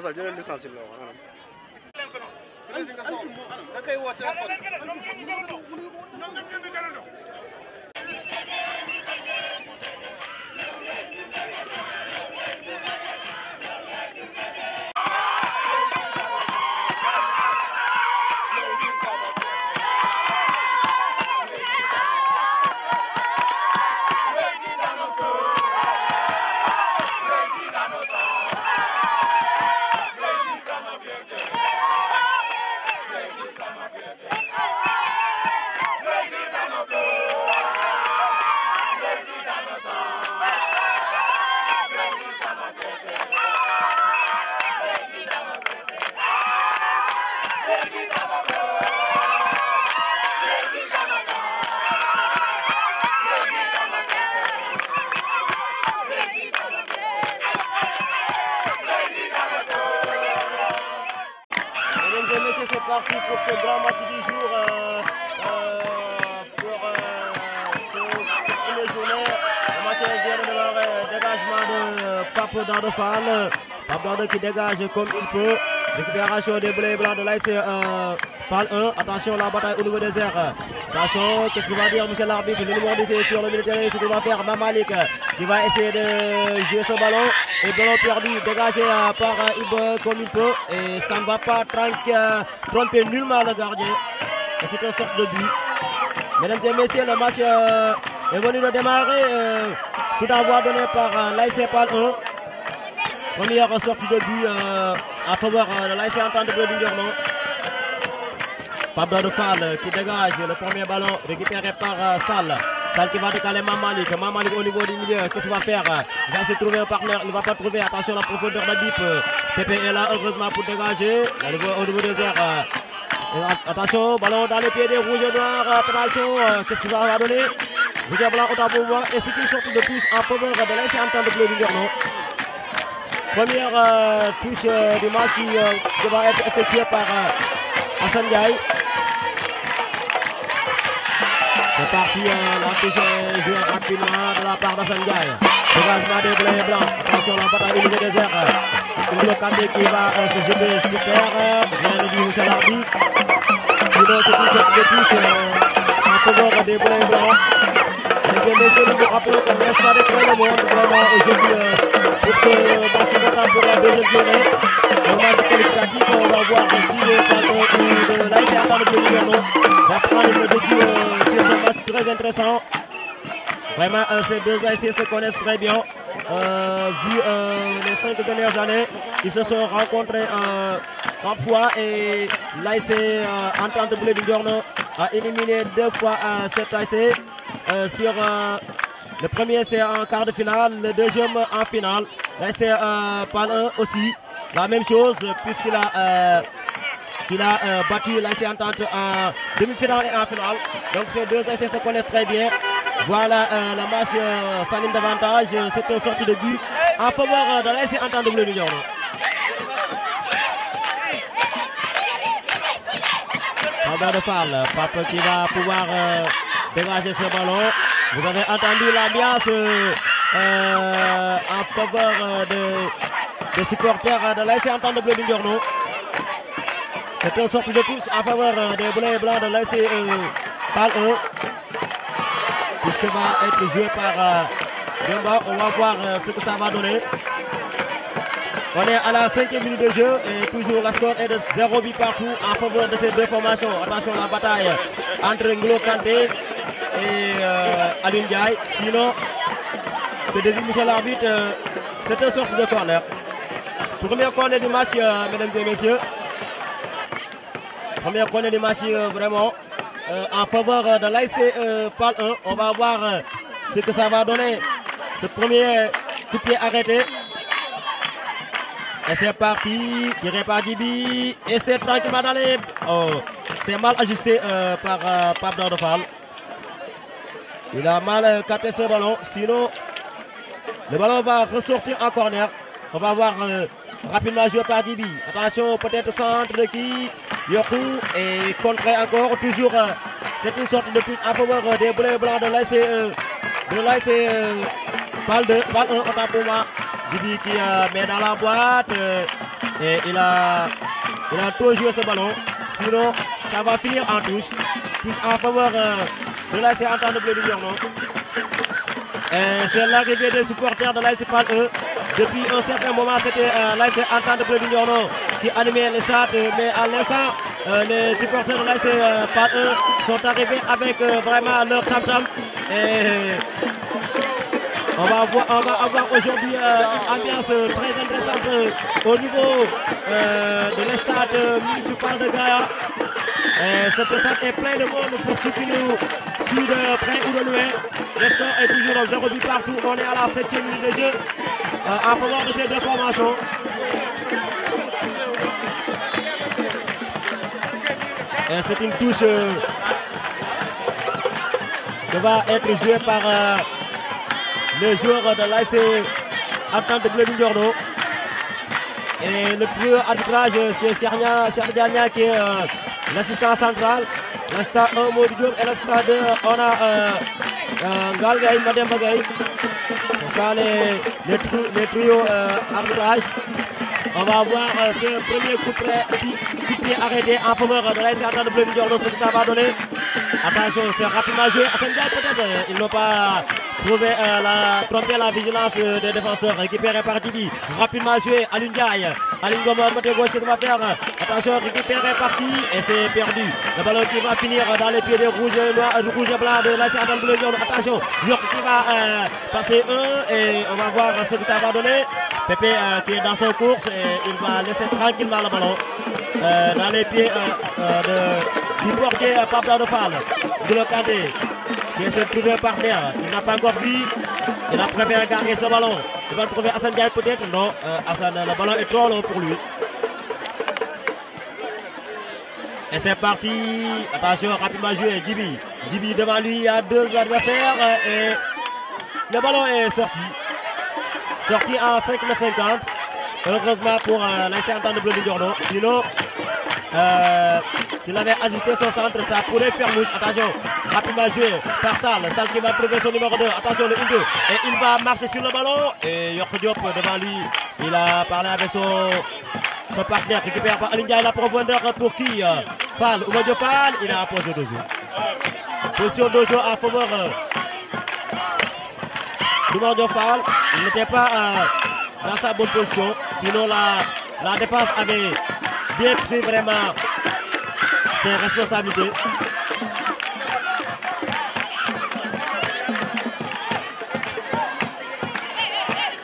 Masal jëlal licence bi la wax anam. dans le Fall. qui dégage comme il peut. Récupération des blés blancs de l'AS euh, 1. Attention, la bataille au niveau des airs. Attention, qu'est-ce qu'il va dire, Michel l'arbitre Le numéro 10 sur le milieu ce qu'il va faire. Mamalik qui va essayer de jouer son ballon. Et ballon perdu, dégagé euh, par euh, comme il peut. Et ça ne va pas euh, tromper nullement le gardien. c'est une sorte de but. Mesdames et messieurs, le match est venu de démarrer. tout d'abord donné par l'AIC par 1. Première sortie de but euh, à faveur euh, de l'AIC Entente de Lignon. Pablo de Fall qui dégage le premier ballon récupéré par euh, Sal qui va décaler Mamalik. Mamalik au niveau du milieu, qu'est-ce qu'il va faire Il va se trouver un partenaire, il ne va pas trouver. Attention la profondeur de Bip. Pépé est là, heureusement, pour dégager. au niveau des airs. Euh, attention, ballon dans les pieds des rouges noirs. Euh, attention, qu'est-ce qu'il va donner Rouge et blanc, on voir. Et c'est une sorte de pouce en faveur de entendre Entente de Lignon. Première euh, touche euh, du match qui euh, devra être effectuée par euh, Hassan Gaï C'est parti, euh, la touche est euh, jouée rapidement de la part d'Hassan le rangement des bleus et blancs. Attention, la bataille du désert des airs. Une qui va se jeter super. terre. Bien dit Michel Hardy. Sinon, c'est tout cette touche en faveur des bleus et blancs. c'est bien messieurs, nous vous rappelons que l'espoir des le monde vraiment aujourd'hui pour ce match pour la deuxième journée. on va voir un coup de de l'AIC Atan de Pléniano. Va prendre le dessus euh, sur ce match très intéressant. Vraiment, ces deux IC se connaissent très bien. Euh, vu euh, les cinq dernières années, ils se sont rencontrés euh, fois et en tant que Bleu a éliminé deux fois cet AIC sur le premier, c'est en quart de finale. Le deuxième, en finale. C'est euh, aussi. La même chose, puisqu'il a, euh, a euh, battu l'AC Entente en demi-finale et en finale. Donc, ces deux essais se connaissent très bien. Voilà, euh, la match s'anime davantage. C'est une sortie de but en faveur de l'AC Entente de l'Union. Robert de Parle, qui va pouvoir dégager ce ballon. Vous avez entendu l'ambiance euh, en faveur euh, des supporters de l'AC Entente de Bleu C'est une sorte de pouce en faveur euh, des Bleus et Blancs de l'AC et Puisque va être joué par on va voir ce que ça va donner. On est à la cinquième minute de jeu et toujours la score est de 0 8 partout en faveur de ces deux formations. Attention à la bataille entre Nglo Kanté et euh, Alun Gaï, Sinon, le désigne Michel l'arbitre, euh, c'est une sorte de corner. Premier corner du match, euh, mesdames et messieurs. Première corner du match, vraiment, en faveur de l'IC PAL 1. On va voir ce que ça va donner. Ce premier coup de pied arrêté. Et c'est parti, tiré par Dibi. Et c'est tranquillement dans les... Oh, c'est mal ajusté par Pablo de il a mal capté ce ballon. Sinon, le ballon va ressortir en corner. On va voir euh, rapidement jouer par Dibi. Attention, peut-être centre de qui Yoko. et contrer encore. Toujours, euh, c'est une sorte de push en faveur des bleus blancs de l'AC. E, euh, de l'AC, balle 2, balle 1, temps pour moi. Dibi qui met dans la boîte. et il a, il a tout joué ce ballon. Sinon, ça va finir en touche. Touche en faveur de en de bleu C'est l'arrivée des supporters de l'ICPAL E. Depuis un certain moment, c'était euh, l'IC Entente de Bleu qui animait les stades. mais à l'instant, euh, les supporters de l'IC euh, sont arrivés avec euh, vraiment leur tam-tam. on va, avoir, aujourd'hui euh, une ambiance très intéressante au niveau de l'estade municipal de Gaïa. Cette salle est pleine de monde pour ceux qui nous de près ou de loin. Le score est toujours 0 but partout. On est à la 7 minute de jeu en euh, faveur de ces deux formations. Et c'est une touche euh, qui va être jouée par euh, le joueur de l'AC Attente Bleu Dorno. Et le plus arbitrage, c'est Chernia qui est l'assistant central. L'instant 1, Maud Diop et l'instant 2, on a euh, euh, Galgaï, Madame Bagaï. C'est ça les, les, tru, les trios euh, arbitrage. On va voir euh, ce premier coup, de pied arrêté en faveur de l'ASR de Bleu Diop, ce que ça va donner. Attention, c'est rapidement joué. Assembly peut-être, euh, ils n'ont pas trouver euh, la, tromper la vigilance des défenseurs. Récupéré par Didi. Rapidement joué. Alun Diaye. Alun Gomor, de gauche, qui va faire Attention, récupéré par Didi. Et c'est perdu. Le ballon qui va finir dans les pieds des rouges et, noirs, euh, rouges et blancs de la Sardane Bleu Attention, York qui va euh, passer un. Et on va voir ce que ça va donner. Pépé qui est dans son course. Et il va laisser tranquillement le ballon dans les pieds de, du portier Pablo de Fall. De il essaie de un partenaire. Il n'a pas encore vu, Il a préféré garder ce ballon. Il va trouver Hassan Diaye peut-être Non, euh, Hassan, le ballon est trop long pour lui. Et c'est parti. Attention, rapidement joué. Dibi. Dibi devant lui, il y a deux adversaires. Et le ballon est sorti. Sorti à 5,50. Heureusement pour euh, l'ancien de Bleu Diorno. Sinon, euh, s'il avait ajusté son centre, ça pourrait faire mouche. Attention, Rapidement joué par salle, salle qui va trouver son numéro 2. Attention, le 1-2. Et il va marcher sur le ballon. Et York Diop devant lui. Il a parlé avec son, son partenaire. Récupère par et la profondeur pour qui euh, Fall. Oumadio Fall. Il a imposé deux jeux. Position deux jeu en faveur euh, de Fall. Il n'était pas euh, dans sa bonne position. Sinon, la, la défense avait bien pris vraiment ses responsabilités.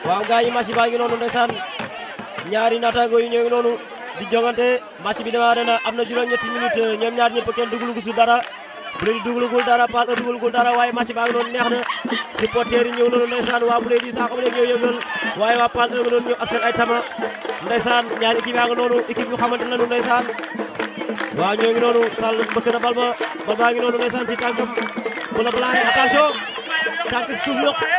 waaw gaañi match baa ngi noonu ndeysaan ñaari naataango yi ñoo ngi noonu di jongante match bi démarré na am na juróom-ñetti minute ñoom ñaar ñëpp kenn dugulugul dara bu leen di dugulugul dara paas dugulugul dara waaye match baa ngi noonu neex na supporters yi noonu ndeysaan waa bu leen di saako leen ñëw yëngal waaye waa a nga noonu ñëw ak ay tama ndeysaan ñaari équipe yaa ngi noonu équipe yu xamante nañu ndeysaan waaw ñoo ngi noonu Sall mbëkk na ba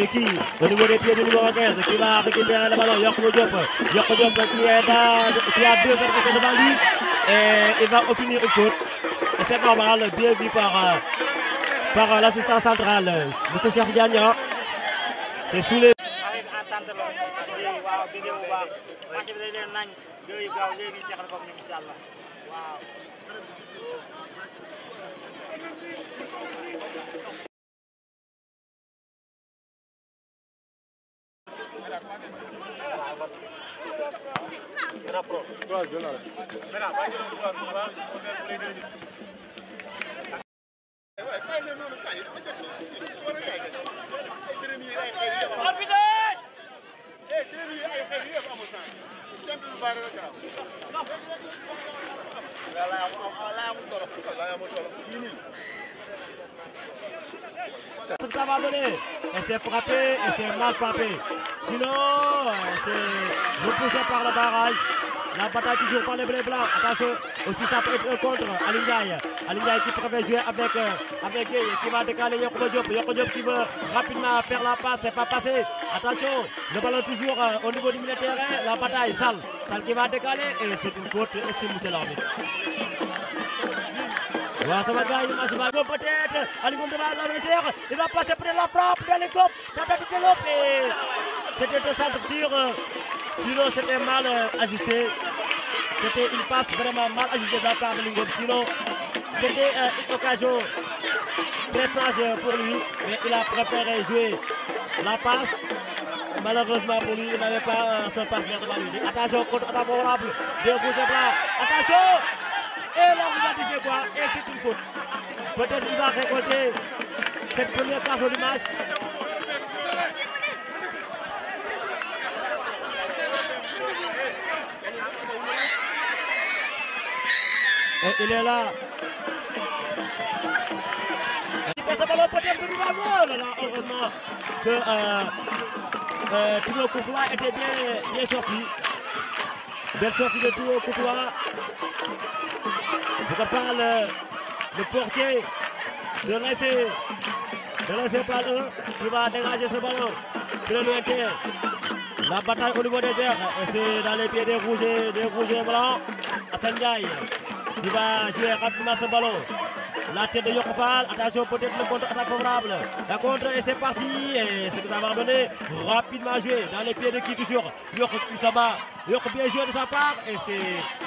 C'est qui au niveau des pieds du numéro 15 qui va récupérer la ballon. Yorko Diop, Yorko Diop qui, est à qui a deux adversaires devant lui et il va obtenir une faute. Et c'est normal, bien vu par, euh, par euh, l'assistant central, M. Chef Gagnon. C'est sous les. Mira pro. Claro, vamos nada. Mira, va a ir un lugar, un lugar, un lugar, Ela é vamos lá Ela é muito solo. Ça va donner. Et c'est frappé, et c'est mal frappé. Sinon, euh, c'est repoussé par le barrage. La bataille toujours par les blés blancs. Attention, aussi ça peut être contre Alingaï. Alingaï qui préfère jouer avec, euh, avec euh, qui va décaler Yoko Diop. Yoko Diop qui veut rapidement faire la passe, c'est pas passé. Attention, le ballon toujours au niveau du milieu de terrain. La bataille, sale, sale qui va décaler et c'est une faute, estime c'est ça va gars il va Mbaye peut-être Aly va devant il va passer près de la frappe de qui a de été et c'était un centre-tir sinon c'était mal ajusté c'était une passe vraiment mal ajustée de la part de sinon c'était une occasion très sage pour lui mais il a préféré jouer la passe malheureusement pour lui il n'avait pas son partenaire devant lui attention contre attaque favorable deux de attention et là, vous va dire quoi et c'est une faute. Peut-être qu'il va récolter cette première carte du match. il est là. Il passe ballon peut-être que nous là, là, heureusement que euh, euh, Timo était bien, bien sorti. Belle sortie de Timo je parle euh, le portier de laisser de laisser par le qui va dégager ce ballon de La bataille au niveau des airs, c'est dans les pieds des rouges et, des rouges et blancs. qui va jouer rapidement ce ballon. La tête de Yokofal, attention peut-être le contre-attaque favorable. La contre et c'est parti. Et ce que ça va donner, rapidement joué dans les pieds de qui toujours. Yoko qui se bat. bien joué de sa part et c'est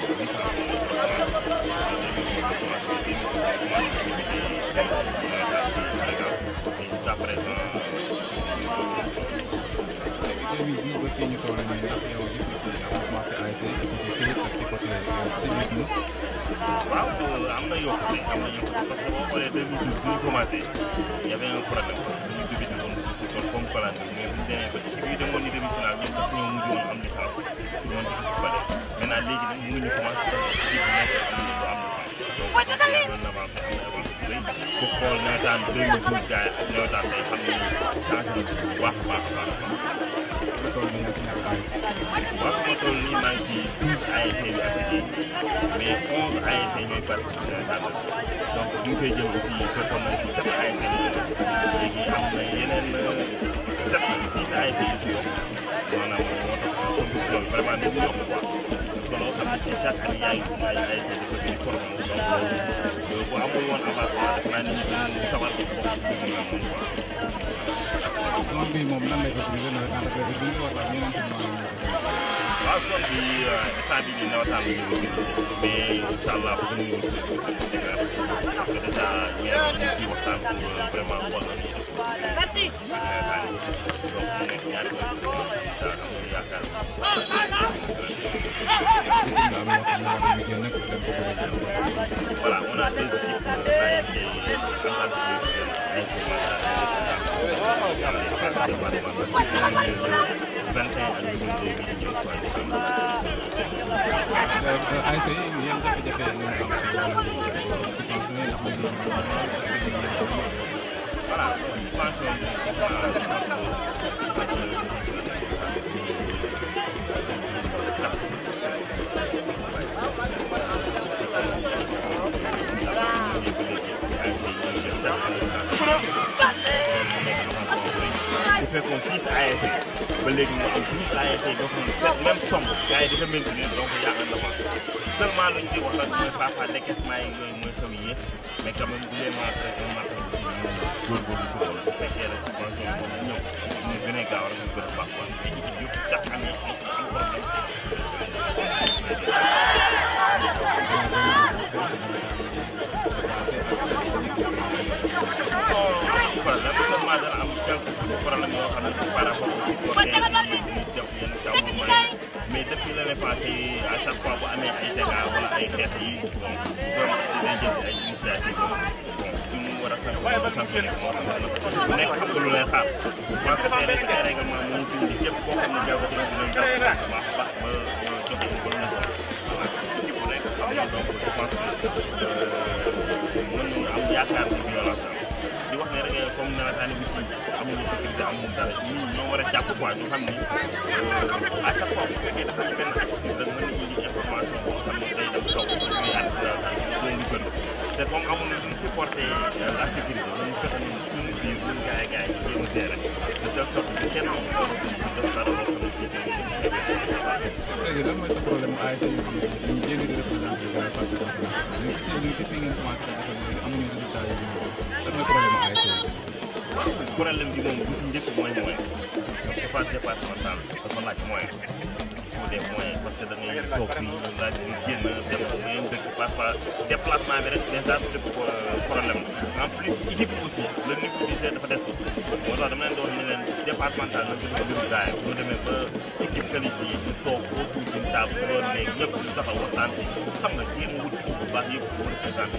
civisme waaw am na yokkute am na yokkute parce que boo xoolee 2012 bi ñu commencé y avait un problème parce que suñu débuté woon football comme Colanta mais bu ñu demee ba ci biir demoon ñu demi-finale ñoom parce que ñoo mujj woon am licence ñu mën ci football maintenant léegi nag mënuñu commencé équipe bu nekk am na am licence donc on avance am na avance bu rëy ku xool nawetaan 2012 gars yi ak nawetaan day xam ne changé na bu baax a baax a baax école bi nationale Baye. waaw fi ma toll nii maa ngi ci ASC bi ak mais 11 ASC ñooy participé donc ñu koy jël aussi fekkoon nañ fi sept ASC léegi am na yeneen sept six ASC yu si yokk maanaam conditions vraiment de yokk quoi parce que loo xam ne si chaque année yaa ngi gis ay ay sa dafa gën a formé wu donc bu amul woon avancement def naa ne ñu gën sawar ko bokk ci ñu am quoi. Son bi moom nan lay allah Voilà, on a des équipes 2,6 eigenlijk. We liggen aan 10 eigenlijk nog een même som. Jij de gemeente niet, donc ja, en dat was. Seulement, je wordt dat je papa lekker smijt, je moet zo hier. Maar ik heb hem niet meer maatregelen. moom góorgóorlu si loolu bu fekkee rek subvention boobu ñëw ñu gën a gaaw rek ñu gën a baax kon mais équipe yëpp chaque année ay si am problème problème seulement dana am quelques problèmes yoo xam ne si par rapport aussi ñu jàpp yenn changement mais depuis l'année passée à chaque fois bu amee ay dégâts wala ay xeet yi bon zone bi dañ jël ay initiative waaye ba mu génn nekk xam nga lu lay xaar parce que tey règlement mu ngi fi képp koo xam ne jaww ji dinañ jàpp bu baax a baax ba jox ko ba na sax ci bu nekk xam nga donc je pense que euh, mën nañu am yaakaar ci violence di wax ne rek euh, comme nawetaan bi si amuñu sécurité amuñu dara ñii ñoo war a jàpp quoi ñu xam ni euh, à chaque fois bu fekkee dafa am benn porter la sécurité ñu fexe ñu suñu biir ñun gars yi gars yi ñu génn gérer de telle sorte que kenn amul ko def dara loo xam ne fii léegi lan mooy sa problème ASC yoo xam ne ñu jéngi di représenté gars yi parce que ñu ci ñu depuis ngeen commencé defal léegi amuñu résultat yu ñu lan mooy problème ASC problème bi moom bu si njëkk mooy moyen dafa départemental dafa laaj moyen beaucoup des moyens parce que da toog fii laaj ñu génn dem ba ngeen dëkk pas déplacement bi rek dèjà euh, problème la en plus équipe aussi le niveau du jeu dafa des moo tax dama leen doon ne leen départemental la ñu ko déglu gars yi bu demee ba équipe qualifiée ñu toog table loolu léeg ñëpp ñu taxaw waxtaan si xam nga jéem wut bu baax yëpp football présenté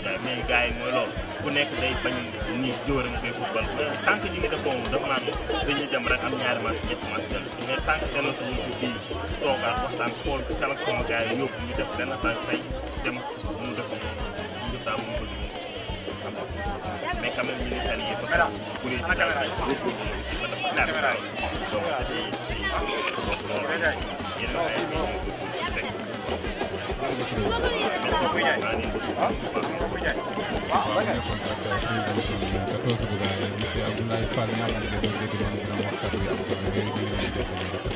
gars yi mais mooy loolu ku nekk day bañ ni jóoram koy football tant que ñu ngi def moom dafa naan dañuy dem rek am ñaari match ñetti match jël mais tant que dana suñu ko bii toogaat waxtaan xool bi sélection gars yi yóbbu ñu def benn tànk say dem mu def ñu taam mu bëgg xam nga mais quand même ñu ngi salué parce que kuréel bi daal dañ ko aussi ba dafa donc c'était donc loolu t k o s bu gaa yi ñu si Abdoulaye Fall ñaanal leen dégg ngeen dina waxtaan bi am solo ngeen dina dégg ngeen